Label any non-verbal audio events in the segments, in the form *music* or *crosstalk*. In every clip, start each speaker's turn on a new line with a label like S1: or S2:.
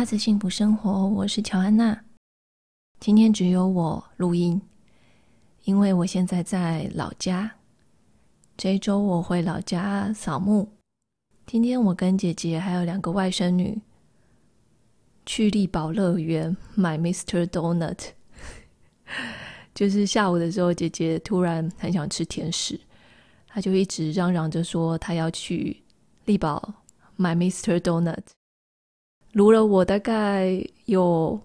S1: 鴨子幸福生活，我是喬安娜。今天只有我錄音，因為我現在在老家。這一周我回老家掃墓。今天我跟姐姐還有兩個外甥女去麗寶樂園買 Mr. Donut。 *laughs* 就是下午的時候，姐姐突然很想吃甜食，她就一直嚷嚷着說她要去麗寶買 Mr. Donut。盧了我大概有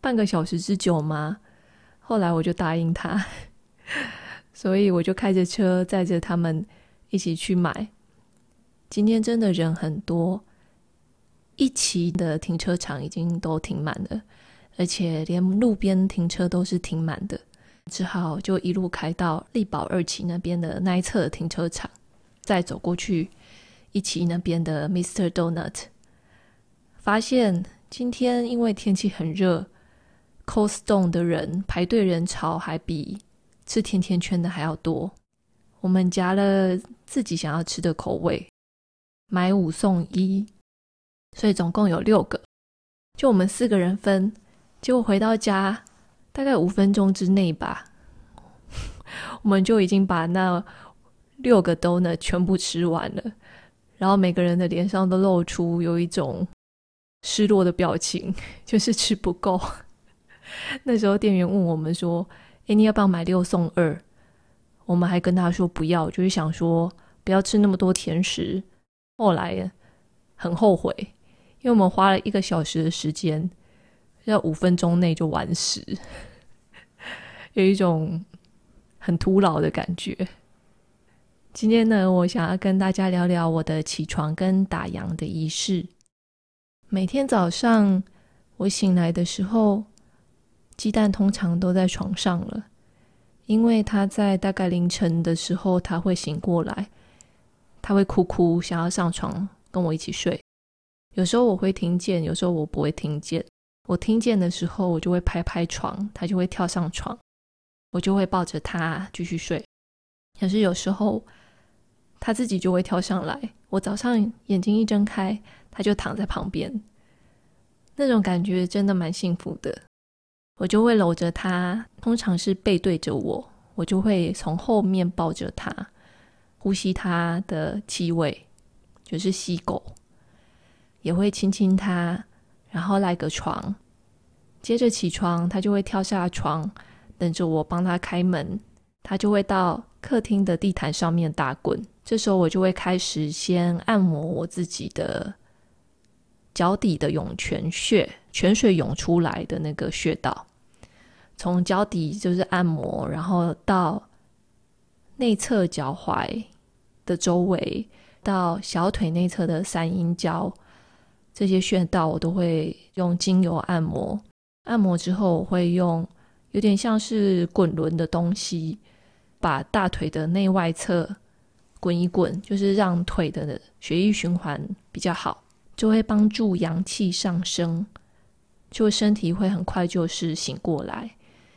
S1: 半個小時之久嘛，後來我就答應他，所以我就開着車載着他們一起去買。今天真的人很多，一期的停車場已經都停滿了，而且連路邊停車都是停滿的，只好就一路開到麗寶二期那邊的那一側停車場，再走過去一期那邊的 Mr. Donut。發現今天因為天氣很熱，Cold Stone 的人排隊人潮還比吃甜甜圈的還要多。我們夾了自己想要吃的口味，買五送一，所以總共有六個，就我們四個人分。結果回到家，大概五分鐘之內吧， *laughs* 我們就已經把那六個 donut 全部吃完了，然後每個人的臉上都露出有一種。失落的表情，就是吃不夠。 *laughs* 那時候店員問我們說：“哎、欸，你要不要買六送二？”我們還跟他說不要，就是想說不要吃那麼多甜食。後來很後悔，因為我們花了一個小時的時間，要五分鐘內就完食， *laughs* 有一種很徒勞的感覺。今天呢，我想要跟大家聊聊我的起床跟打烊的儀式。每天早上我醒來的時候，雞蛋通常都在床上了，因為他在大概凌晨的時候他會醒過來，他會哭哭，想要上床跟我一起睡。有時候我會聽見，有時候我不會聽見。我聽見的時候，我就會拍拍床，他就會跳上床，我就會抱着他繼續睡。可是有時候他自己就會跳上來，我早上眼睛一睜開。他就躺在旁邊，那種感覺真的蠻幸福的。我就會摟着他，通常是背對着我，我就會從後面抱着他，呼吸他的氣味，就是吸狗，也會親親他，然後賴個床，接着起床，他就會跳下床，等着我幫他開門，他就會到客廳的地毯上面打滾，這時候我就會開始先按摩我自己的。腳底的湧泉穴，泉水湧出來的那個穴道，從腳底就是按摩，然後到內側腳踝的周圍，到小腿內側的三陰交這些穴道，我都會用精油按摩。按摩之後，我會用有點像是滾輪的東西，把大腿的內外側滾一滾，就是讓腿的血液循環比較好。就會幫助陽氣上升，就身體會很快就是醒過來。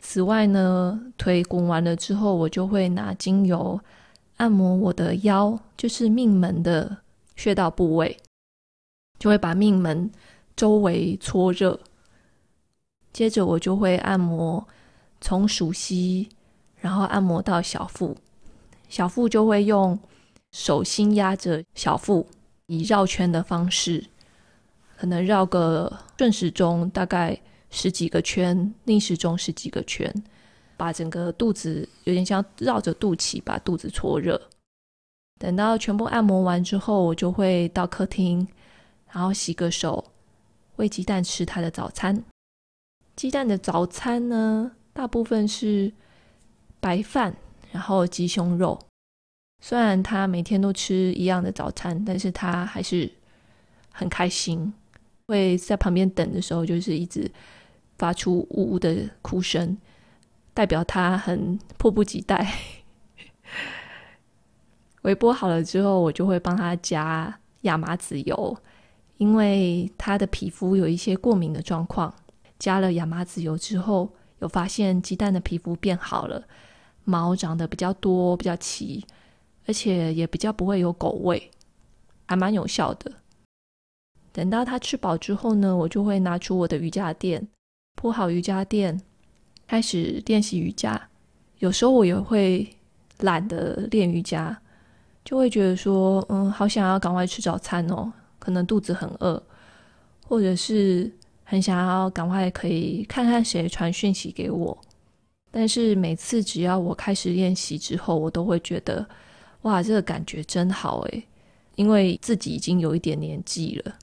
S1: 此外呢，腿滾完了之後，我就會拿精油按摩我的腰，就是命門的穴道部位，就會把命門周圍搓熱。接着我就會按摩從屬膝，然後按摩到小腹，小腹就會用手心壓着小腹。以繞圈的方式，可能繞個順時鐘大概十幾個圈，逆時鐘十幾個圈，把整個肚子有點像繞着肚臍把肚子搓熱。等到全部按摩完之後，我就會到客廳，然後洗個手，餵雞蛋吃它的早餐。雞蛋的早餐呢，大部分是白飯，然後雞胸肉。雖然他每天都吃一樣的早餐，但是他還是很開心。會在旁邊等的時候，就是一直發出嗚嗚的哭聲，代表他很迫不及待。 *laughs* 微波好了之後，我就會幫他加亞麻籽油，因為他的皮膚有一些過敏的狀況。加了亞麻籽油之後，有發現雞蛋的皮膚變好了，毛長得比較多，比較齊。而且也比較不會有狗味，還蠻有效的。等到它吃飽之後呢，我就會拿出我的瑜伽墊，鋪好瑜伽墊，開始練習瑜伽。有時候我也會懶得練瑜伽，就會覺得說，嗯，好想要趕快吃早餐哦，可能肚子很餓，或者是很想要趕快可以看看誰傳訊息給我。但是每次只要我開始練習之後，我都會覺得，哇，這個感覺真好哎！因為自己已經有一點年紀了，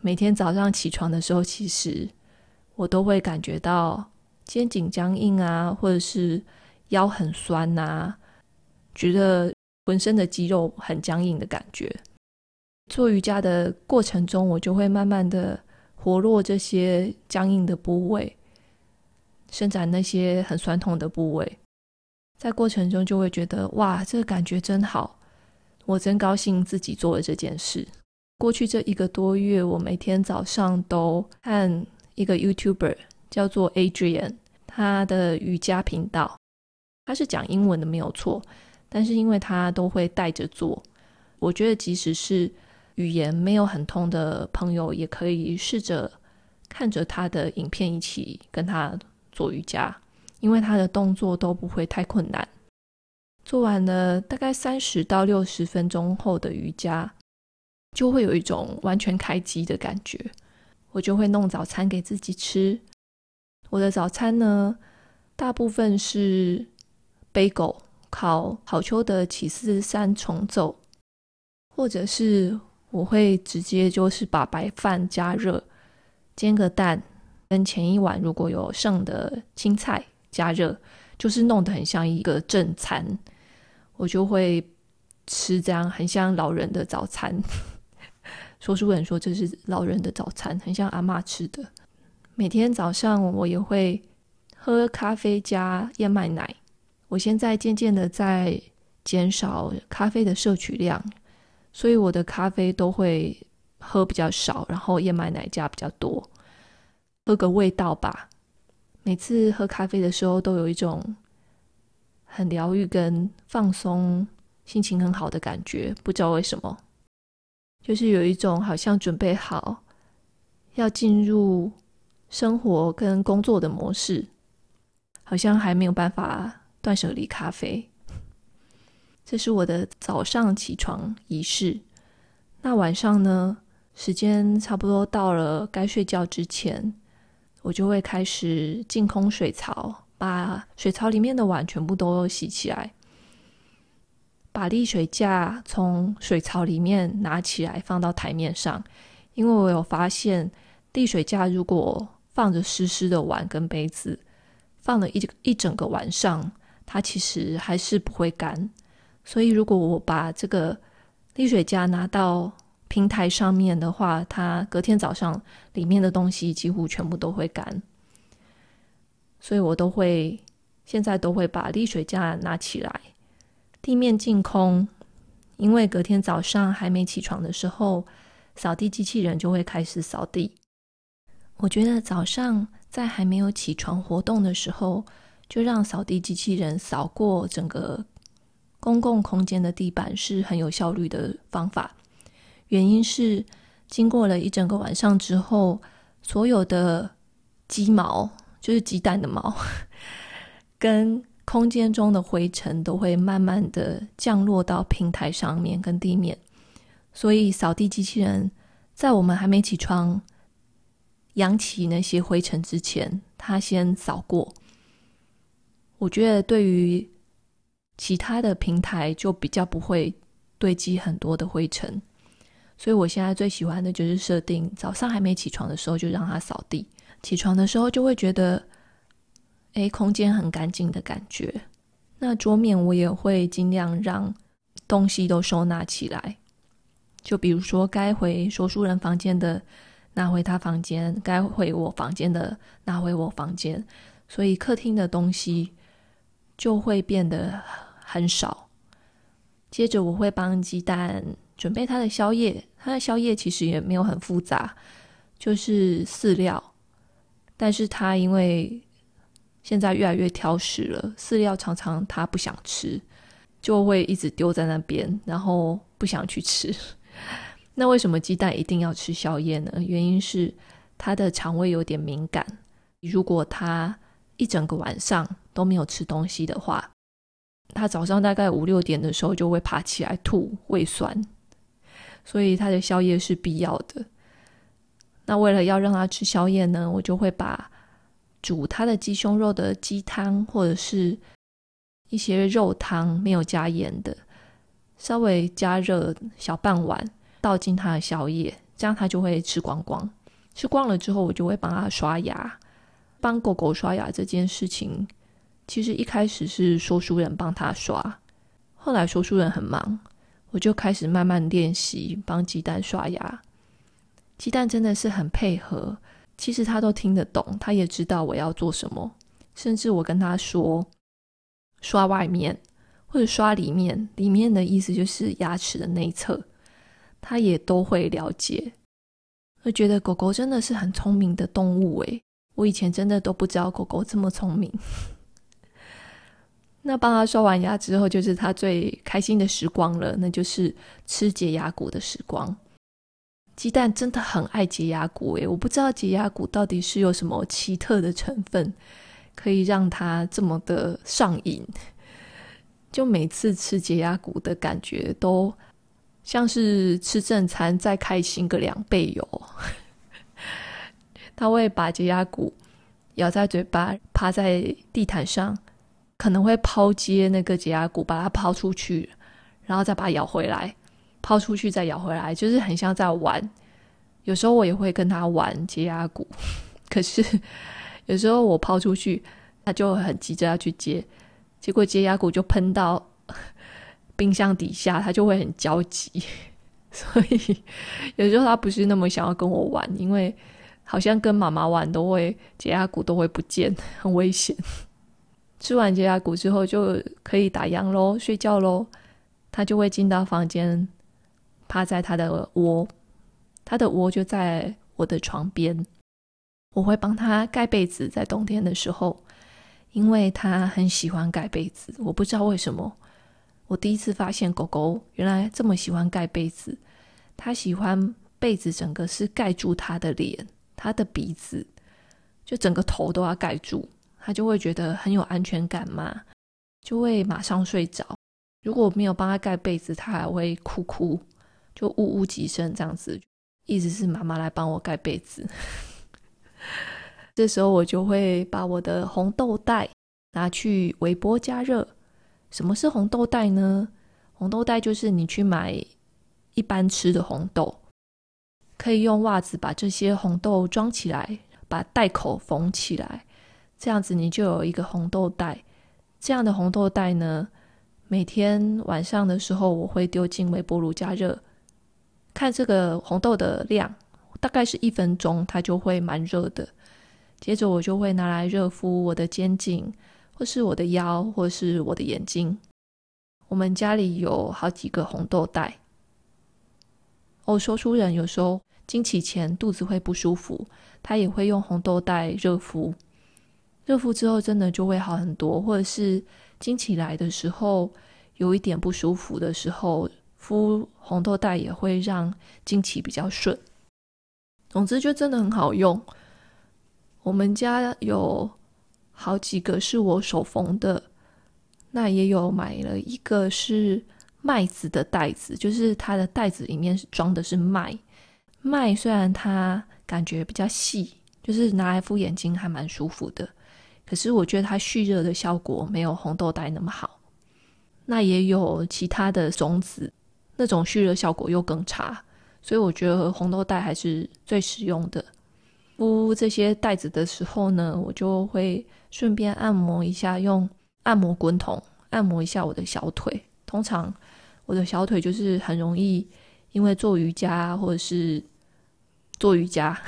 S1: 每天早上起床的時候，其實我都會感覺到肩頸僵硬啊，或者是腰很痠吶、啊，覺得渾身的肌肉很僵硬的感覺。做瑜伽的過程中，我就會慢慢的活絡這些僵硬的部位，伸展那些很痠痛的部位。在過程中就會覺得哇，這個感覺真好，我真高興自己做了這件事。過去這一個多月，我每天早上都看一個 YouTuber 叫做 Adriene，他的瑜伽頻道，他是講英文的，沒有錯。但是因為他都會帶着做，我覺得即使是語言沒有很通的朋友，也可以試着看着他的影片一起跟他做瑜伽。因為他的動作都不會太困難，做完了大概三十到六十分鐘後的瑜伽就會有一種完全開機的感覺。我就會弄早餐給自己吃。我的早餐呢，大部分是杯狗烤好秋的起司三重奏，或者是我會直接就是把白飯加熱，煎個蛋，跟前一晚如果有剩的青菜。加熱，就是弄得很像一個正餐，我就會吃這樣很像老人的早餐。 *laughs* 說書人說這是老人的早餐，很像阿嬤吃的。每天早上我也會喝咖啡加燕麥奶。我現在漸漸的在減少咖啡的攝取量，所以我的咖啡都會喝比較少，然後燕麥奶加比較多，喝個味道吧。每次喝咖啡的時候，都有一種很療癒跟放鬆、心情很好的感覺。不知道為什麼，就是有一種好像準備好要進入生活跟工作的模式，好像還沒有辦法斷捨離咖啡。這是我的早上起床儀式。那晚上呢？時間差不多到了該睡覺之前。我就會開始淨空水槽，把水槽裡面的碗全部都洗起來，把瀝水架從水槽裡面拿起來放到台面上。因為我有發現，瀝水架如果放着濕濕的碗跟杯子，放了一一整個晚上，它其實還是不會乾。所以如果我把這個瀝水架拿到，平台上面的話，它隔天早上裡面的東西幾乎全部都會乾，所以我都會現在都會把瀝水架拿起來，地面淨空，因為隔天早上還沒起床的時候，掃地機器人就會開始掃地。我覺得早上在還沒有起床活動的時候，就讓掃地機器人掃過整個公共空間的地板，是很有效率的方法。原因是，經過了一整個晚上之後，所有的雞毛就是雞蛋的毛，跟空間中的灰塵都會慢慢的降落到平台上面跟地面，所以掃地機器人在我們還沒起床揚起那些灰塵之前，它先掃過。我覺得對於其他的平台就比較不會堆積很多的灰塵。所以我現在最喜歡的就是設定早上還沒起床的時候，就讓他掃地，起床的時候就會覺得，欸，空間很乾淨的感覺。那桌面我也會盡量讓東西都收納起來，就比如說該回說書人房間的拿回他房間，該回我房間的拿回我房間。所以客廳的東西就會變得很少。接着我會幫雞蛋。準備他的宵夜，他的宵夜其實也沒有很複雜，就是飼料。但是他因為現在越來越挑食了，飼料常常他不想吃，就會一直丟在那邊，然後不想去吃。 *laughs* 那為什麼雞蛋一定要吃宵夜呢？原因是他的腸胃有點敏感，如果他一整個晚上都沒有吃東西的話，他早上大概五六點的時候就會爬起來吐胃酸。所以他的宵夜是必要的。那為了要讓他吃宵夜呢，我就會把煮他的雞胸肉的雞湯，或者是一些肉湯沒有加鹽的，稍微加熱小半碗，倒進他的宵夜，這樣他就會吃光光。吃光了之後，我就會幫他刷牙。幫狗狗刷牙這件事情，其實一開始是說書人幫他刷，後來說書人很忙。我就開始慢慢練習幫雞蛋刷牙，雞蛋真的是很配合，其實他都聽得懂，他也知道我要做什麼，甚至我跟他說刷外面或者刷裡面，裡面的意思就是牙齒的內側，他也都會了解。我覺得狗狗真的是很聰明的動物誒，我以前真的都不知道狗狗這麼聰明。那幫他刷完牙之後，就是他最開心的時光了，那就是吃潔牙骨的時光。雞蛋真的很愛潔牙骨。誒，我不知道潔牙骨到底是有什麼奇特的成分，可以讓它這麼的上癮。就每次吃潔牙骨的感覺，都像是吃正餐再開心個兩倍哦， *laughs* 他會把潔牙骨咬在嘴巴，趴在地毯上。可能會拋接那個潔牙骨，把它拋出去，然後再把它咬回來，拋出去再咬回來，就是很像在玩。有時候我也會跟他玩潔牙骨，可是有時候我拋出去，他就很急着要去接，結果潔牙骨就噴到冰箱底下，他就會很焦急。所以有時候他不是那麼想要跟我玩，因為好像跟媽媽玩都會潔牙骨，都會不見，很危險。吃完潔牙骨之後就可以打烊咯睡覺咯他就會進到房間，趴在他的窩。他的窩就在我的床邊。我會幫他蓋被子，在冬天的時候，因為他很喜歡蓋被子。我不知道為什麼，我第一次發現狗狗原來這麼喜歡蓋被子。他喜歡被子整個是蓋住他的臉，他的鼻子，就整個頭都要蓋住。他就會覺得很有安全感嘛，就會馬上睡着。如果沒有幫他蓋被子，他還會哭哭，就嗚嗚幾聲這樣子，意思是媽媽來幫我蓋被子。 *laughs* 這時候我就會把我的紅豆袋拿去微波加熱。什麼是紅豆袋呢？紅豆袋就是你去買一般吃的紅豆，可以用襪子把這些紅豆裝起來，把袋口縫起來。這樣子你就有一個紅豆袋。這樣的紅豆袋呢，每天晚上的時候我會丟進微波爐加熱，看這個紅豆的量，大概是一分鐘它就會蠻熱的。接着我就會拿來熱敷我的肩頸，或是我的腰，或是我的眼睛。我們家裡有好幾個紅豆袋。我、哦、說熟人有時候經期前肚子會不舒服，他也會用紅豆袋熱敷。熱敷之後真的就會好很多，或者是經期來的時候有一點不舒服的時候，敷紅豆袋也會讓經期比較順。總之就真的很好用。我們家有好幾個是我手縫的，那也有買了一個是麥子的袋子，就是它的袋子裡面是裝的是麥麥，雖然它感覺比較細，就是拿來敷眼睛還蠻舒服的。可是我覺得它蓄熱的效果沒有紅豆袋那麼好，那也有其他的種子，那種蓄熱效果又更差，所以我覺得紅豆袋還是最實用的。敷這些袋子的時候呢，我就會順便按摩一下，用按摩滾筒按摩一下我的小腿。通常我的小腿就是很容易因為做瑜伽或者是做瑜伽，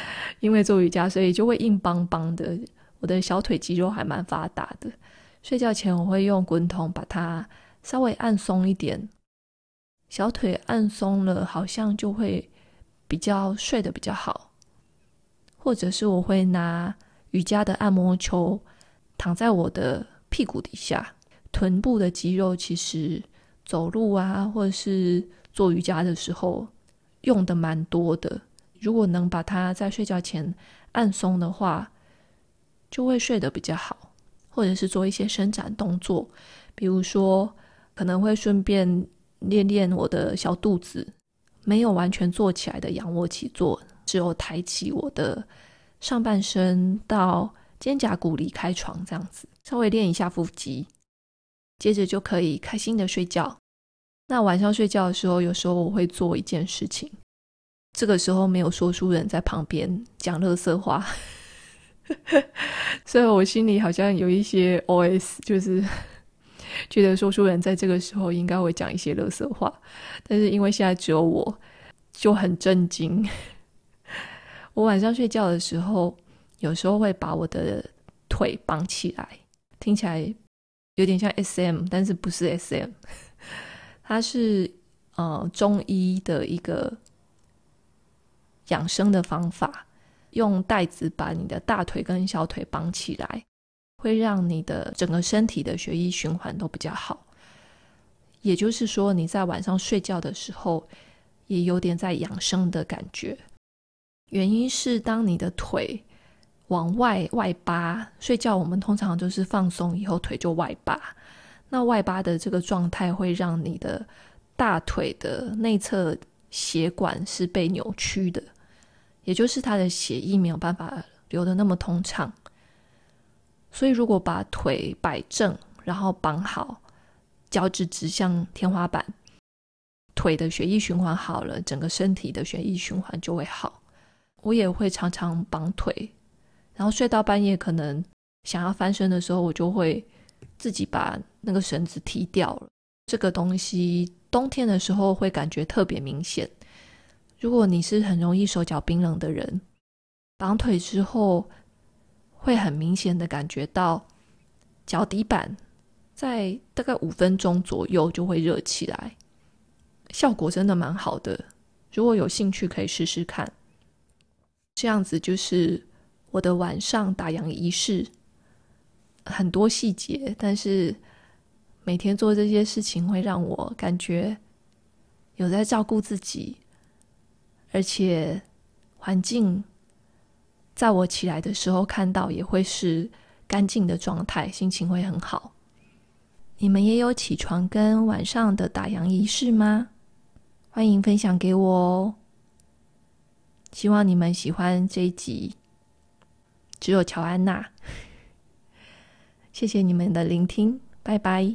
S1: *laughs* 因為做瑜伽，所以就會硬邦邦的。我的小腿肌肉還蠻發達的，睡覺前我會用滾筒把它稍微按鬆一點，小腿按鬆了，好像就會比較睡得比較好。或者是我會拿瑜伽的按摩球躺在我的屁股底下，臀部的肌肉其實走路啊，或者是做瑜伽的時候用的蠻多的。如果能把它在睡覺前按鬆的話，就會睡得比較好，或者是做一些伸展動作，比如說可能會順便練練我的小肚子，沒有完全坐起來的仰臥起坐，只有抬起我的上半身到肩胛骨離開床這樣子，稍微練一下腹肌，接着就可以開心地睡覺。那晚上睡覺的時候，有時候我會做一件事情，這個時候沒有說書人在旁邊講垃圾話。所 *laughs* 以我心裡好像有一些 OS，就是覺得說書人在這個時候應該會講一些垃圾話。但是因為現在只有我，就很震驚。我晚上睡覺的時候，有時候會把我的腿綁起來，聽起來有點像 SM，但是不是 SM，它是呃中醫的一個養生的方法。用帶子把你的大腿跟小腿綁起來，會讓你的整個身體的血液循環都比較好。也就是說，你在晚上睡覺的時候，也有點在養生的感覺。原因是，當你的腿往外外八，睡覺我們通常就是放鬆以後腿就外八，那外八的這個狀態，會讓你的大腿的內側血管是被扭曲的。也就是他的血液沒有辦法流得那麼通暢，所以如果把腿擺正，然後綁好，腳趾指向天花板，腿的血液循環好了，整個身體的血液循環就會好。我也會常常綁腿，然後睡到半夜可能想要翻身的時候，我就會自己把那個繩子踢掉了。這個東西冬天的時候會感覺特別明顯。如果你是很容易手腳冰冷的人，綁腿之後會很明顯的感覺到腳底板在大概五分鐘左右就會熱起來，效果真的蠻好的。如果有興趣可以試試看。這樣子就是我的晚上打烊儀式，很多細節，但是每天做這些事情會讓我感覺有在照顧自己。而且，環境在我起來的時候看到也會是乾淨的狀態，心情會很好。你們也有起床跟晚上的打烊儀式嗎？歡迎分享給我哦。希望你們喜歡這一集。只有喬安納，謝謝你們的聆聽，拜拜。